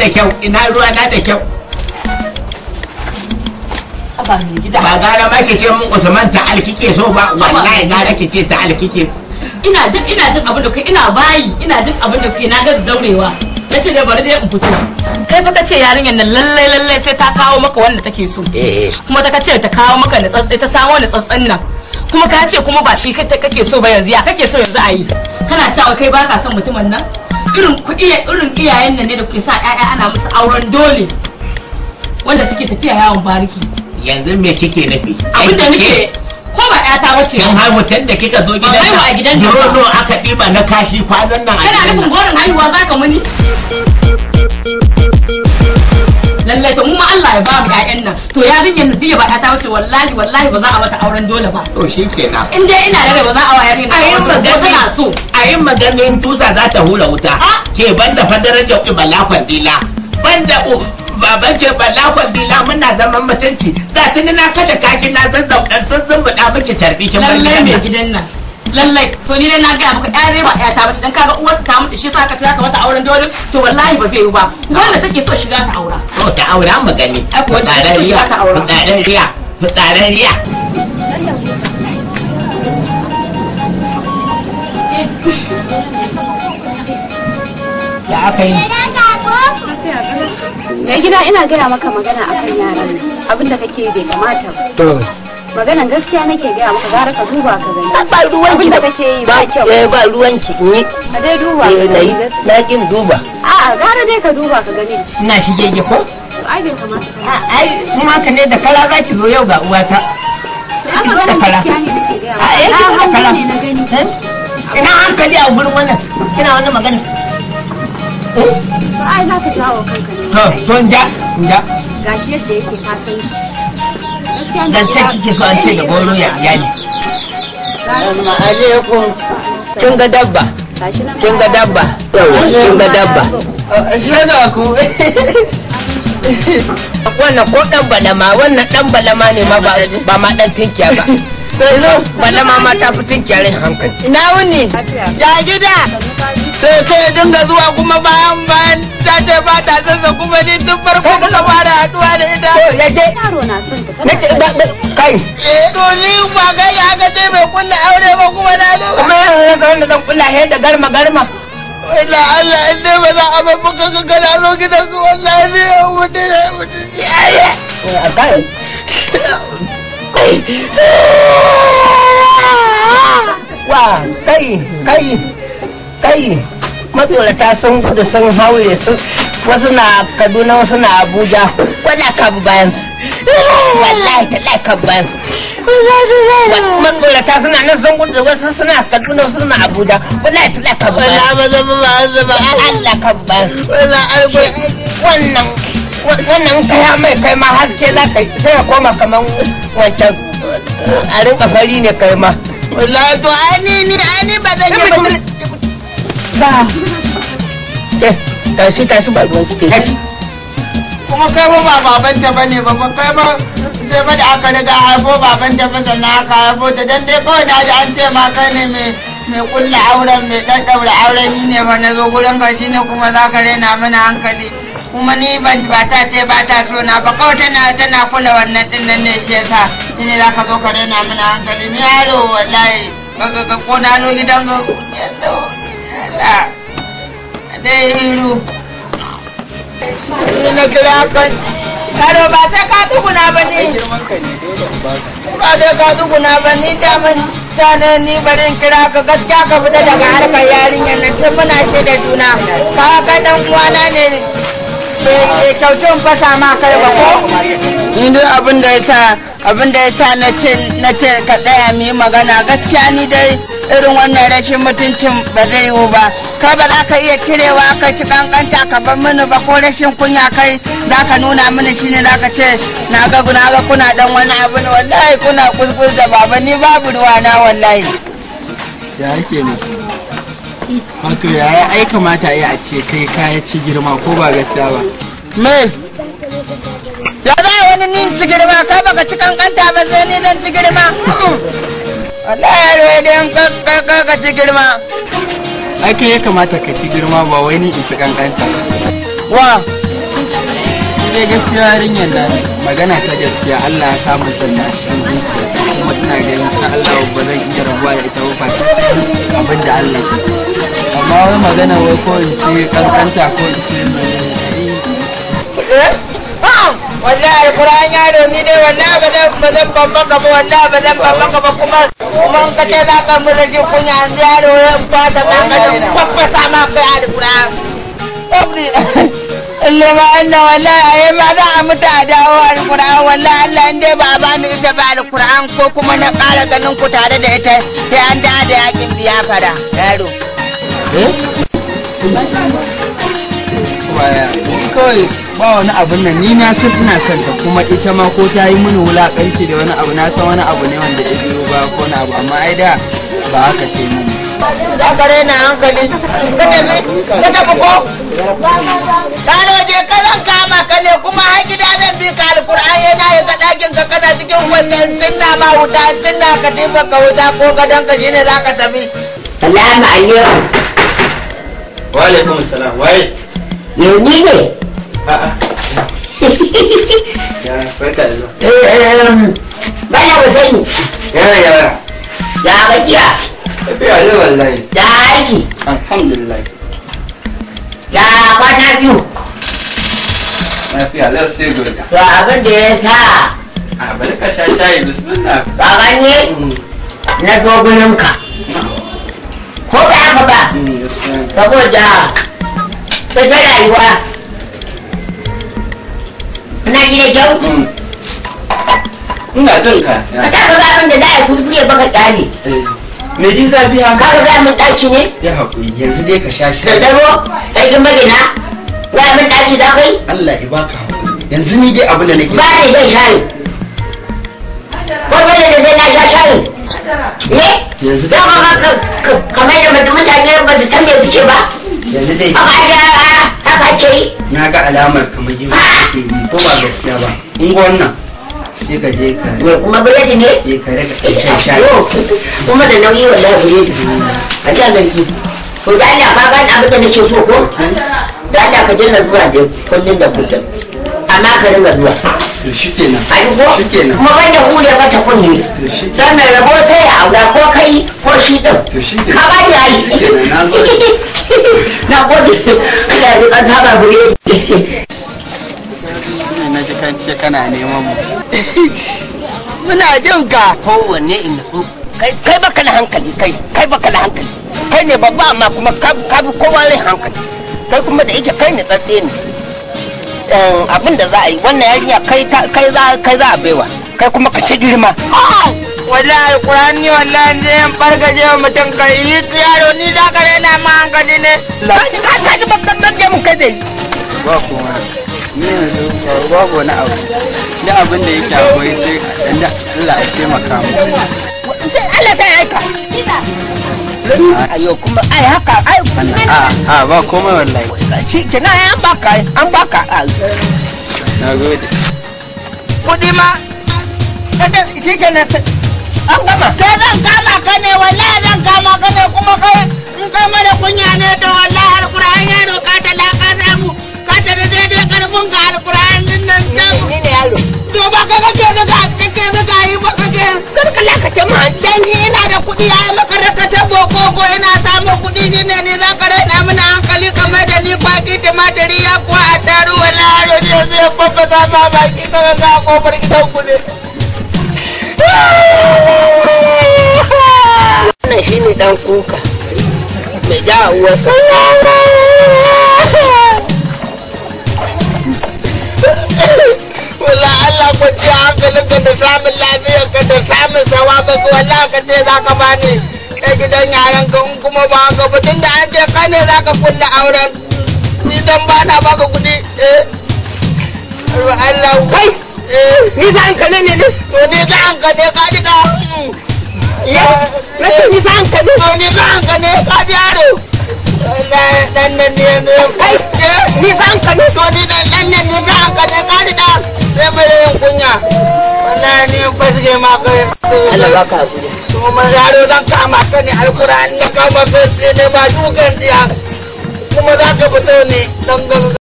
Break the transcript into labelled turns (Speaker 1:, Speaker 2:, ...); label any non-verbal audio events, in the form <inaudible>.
Speaker 1: da kyau ina ruwa na da kyau ba gara ma ke ce mun usman ta alkike so ba wallahi gara ke ce ta alkike ina jin ina jin abin da kai ina bayi ina jin abin da kai na ga daurewa na ce ne bari dai in fito kai fa ce yarinyar nan lallai lallai sai ta kawo maka wanda take so eh, eh. kuma ta ce ta kawo maka na tsatsai ta samo na tsatsan nan kuma ka ce kuma ba shi kake so ba yanzu ya kake so yanzu a yi kana cewa kai baka son mutumin nan irin kuɗi irin iyayen nan ne da sa ƴaƴa ana musu auren dole wanda suke tafiya yawon bariki yanzu me kike nufi abin da nake ko ba ƴata ba ce yan da kika zo gidan nan a gidan aka ɗiba na kashi kwanan nan a gidan nan kana nufin gorin haihuwa zaka muni lallai to ma Allah ya ba mu ƴaƴan nan to yarinyar nan ya bada ta wuce wallahi wallahi ba za a mata auren dole ba to shikenan in dai ina da rai ba za a wa yarinyar auren magana tana so a yin maganin tusa za ta hula wuta ah! ke banda fa darajar ibala kwandila banda baban ke balla kwandila muna zaman mutunci ga tuni na kace kaki na zazzau dan sun zumbuda miki tarbi kin bar gidan nan lallai to ni dai na gaya maka ɗaya ne ba ɗaya ta bace dan kaga uwar ta mutu shi sa ka tsaya ka mata auren dole to wallahi ba zai yi ba wanda take so shiga ta aura to ta aura mu gani ko da riya fitsarin riya fitsarin riya ya aka yi ya gida ina gaya maka magana akan yaran abinda kake bai kamata ba maganan gaskiya nake gaya maka gara ka duba ka gani ba ruwan ki da kake yi ba kyau eh ba ruwan ki ni ka dai duba eh, ka gani gaskiya na kin duba a'a gara dai ka duba ka gani ina shige ko ai bai kamata ai kuma haka ne da kara zaki zo yau ga uwata haka da kara a eh ki da kara eh? ina hankali a gurin wannan kina wannan magana eh? ai za ka jawo kanka ne to to nja nja gashi yadda yake ka san shi dan zancen kike so an ce da goro ya iyali kin ga dabba kin ga dabba kin ga dabba eh, <laughs> wannan ko dan balama wannan dan balama ne ma ba ma dan tinkiya ba Bala ma ma ta fi tun kyarin hankali. Ina wuni, ya gida, sai sai dinga zuwa kuma bayan bayan ta ce ba son ta kana son kai eh, to ni ba ga ya ga dai bai kulla aure ba kuma na ne kuma yana da san da zan kulla he da garma garma illa Allah in dai ba za a ba baka ka kana zo gidan ku wallahi ne ya mutu ne mutu ne eh, kai wa kai kai kai matsorata sun gudu sun haure wasu na kaduna wasu na abuja wani aka bayan su wallahi ta ɗaika ban matsorata suna nan sun gudu wasu suna kaduna suna abuja wallahi ta ban ba ba allah kan ban wannan wannan kaya mai kai ma haske za ka sai ya koma kaman wancan a rinka fari ne kai ma wallahi to ani ni ani ba zan yi ba ba eh, ba suke kuma kai ba ba baban ta bane ba ba kai ba sai ba da aka riga haifo baban ta ba sannan aka haifo ta dan dai kawai na ji an ce ma kai ne mai mai kulla auren mai daddaura auren ni ne ba na zo gurin ka shi ne kuma za ka rena mana hankali kuma ni ban ba ta ce ba ta so na ba kawai tana tana kula wannan din nan ne shi yasa shi ne za ka zo ka rena mana hankali ni yaro wallahi ka ka ko na zo gidan ka dai hiru ni na kira kan karo ba sai ka tsuguna ba ni ba sai ka ba ni daman tana ni bari kira ka gaskiya ka fita daga harkar yarinyar nan tun muna shi da juna ka ga dan uwana ne bai kyautun fasa ma kai ba ko ni dai abin da ya sa Abinda ya sa na ce ka tsaya mu yi magana gaskiya ni dai irin wannan rashin mutuncin ba zai yiwu ba ka ba za ka iya kirewa ka ci kankanta ka bar mini ba ko rashin kunya kai za ka nuna mini ne za ka ce na ga na ga kuna dan wani abu ne wallahi kuna kuskus da baba ni babu ruwa na wallahi ya yake ne wato yaya ai kamata ya a ce kai ka ci girma ko ba gaskiya ba me ya za wani nin ci girma kai baka ci kankanta ba sai ni zan ci girma Allah ya ruwa da yan ka ci girma ai kai ya kamata ka ci girma ba wai ni in ci kankanta wa dai gaskiya yarinya da magana ta gaskiya Allah ya samu sanna a cikin zuciya kuma ina ganin ta Allah ba zan iya rabuwa da ita ba ta sai abin da Allah ya amma wai magana wai ko in ci kankanta ko in ci mai eh wallahi alquran yaro ni dai wallahi ba zan ba zan ban maka ba wallahi ba zan ban maka ba kuma kuma ka ce za ka mun rage kunya an yaro ya fata ma ka fafasa ma kai alquran Allah ma anna wallahi ayi ma za a mutu a dawo alquran wallahi Allah in dai baba a bani ita ba alquran ko kuma na ƙara ganin ku tare da ita sai an da da yakin biya fara yaro eh baya kawai ba wani abu nan ni na san ina son ta, kuma ita ma ko ta yi mini wulakanci da wani abu na san wani abu ne wanda ya biyo ba ko na abu amma ai da ba haka ke mun za ka rena hankali ka tafi ka tafi ko ka roje ka zan kama ka ne kuma har gida zan bi ka alkur'an yana ya ga ɗakin ka kana cikin wannan cinna ma wuta cinna ka tifa ka wuta ko dan ka shine za ka tafi. Salamu alaikum. Wa alaikum salam. Waye? yau ni ne baya <laughs> ba eh, eh, sani yara yara ya ya. Tapi ada wallahi ya aiki alhamdulillah ya kwana biyu lafiya lau sai goda to abin da ya sa a bari ka sha shayi bismillah mm. <laughs> ka ganye na dogoninka ko ba ba mm, saboda da ta rayuwa na da kyau ina jin ka ka ta abin da za a kuskure baka kyale me jin zafi ha ka ga mun daki ne ya hakuri yanzu dai ka sha da daro sarkin magina ya mun daki kai Allah ya baka yanzu ni dai abin da nake ba ne zai shayi ko ba da zai na sha ne yanzu da ba ka kamar da mutane ba su san suke ba yanzu dai na ga alamar kamar yi kake yi ko ba gaskiya ba in wannan sai ka je ka kuma biredi ne ka kuma da nauyi wallahi biredi a da lanki to da Allah ba ban abin da nake so ko da Allah ka je na zuwa da da kullun na ka ringa zuwa shikenan shikenan kuma ban da hule ba ta kunne dan mai rabo sai ya aura ko kai ko shi din ka ba ya yi na gode ina <laughs> da kan taba bure na ji kan ce kana neman mu <laughs> muna jin ka kowanne inda nutsu kai kai baka na hankali kai kai baka na hankali kai ne babba amma kuma kabu kowa rai hankali kai kuma da yake kai ne tsatse ne Ehm, abin da za a yi wannan yarinya kai za kai za a baiwa kai kuma ka ci girma wallahi alqur'ani wala ne yan fargaje wa mutum kai yi yaro ni za ka rena ma hankali ne ka ka ji babban nan je mun kai dai ba kuma ni yanzu babu wani abu ni abin da yake akwai sai da Allah ya taimaka mu sai Allah sai aika ayo kuma ai haka ai a ah, ah, ba komai wallahi shi kenan an baka an baka ah. na kudi ma shi kenan an gama to zan kama ka wallahi zan kama ka kuma kai in kai mara kunya ne to wallahi alquran ya roka ta lakata mu ka ta da daidai karfin ka alquran din nan dan ni ne yaro to ba ka kake ga kake ga yi ba kake kar ka lakata ma dan ina da kudi ko ina samun kuɗi shine ne za ka raina mana hankali kamar da ni baki tumatiri ya kuwa a taru wani haro ne zai babba za ma baki kaga ga kofar gidan ku ne. Wannan shine dan kuka mai ja uwarsa. wala Allah kwanciya hankalinka da samun lafiyarka da samun sawa ba wala ka ce za ka bani gidan yaran ka in kuma ba ka ba tunda an ce kai ne za ka kulle auren ni dan ba na baka kuɗi eh Allah eh. ni za an kale ne ne to ni za an kale ka ji ka ni eh. za an to ni za an kale ka ji yaro dan nan ne kai eh. ni za an to ni ba ka hakuri to man yaro zan kama ka ne alkur'ani na kama ka ne ba dukan diya kuma za ka fito ne dan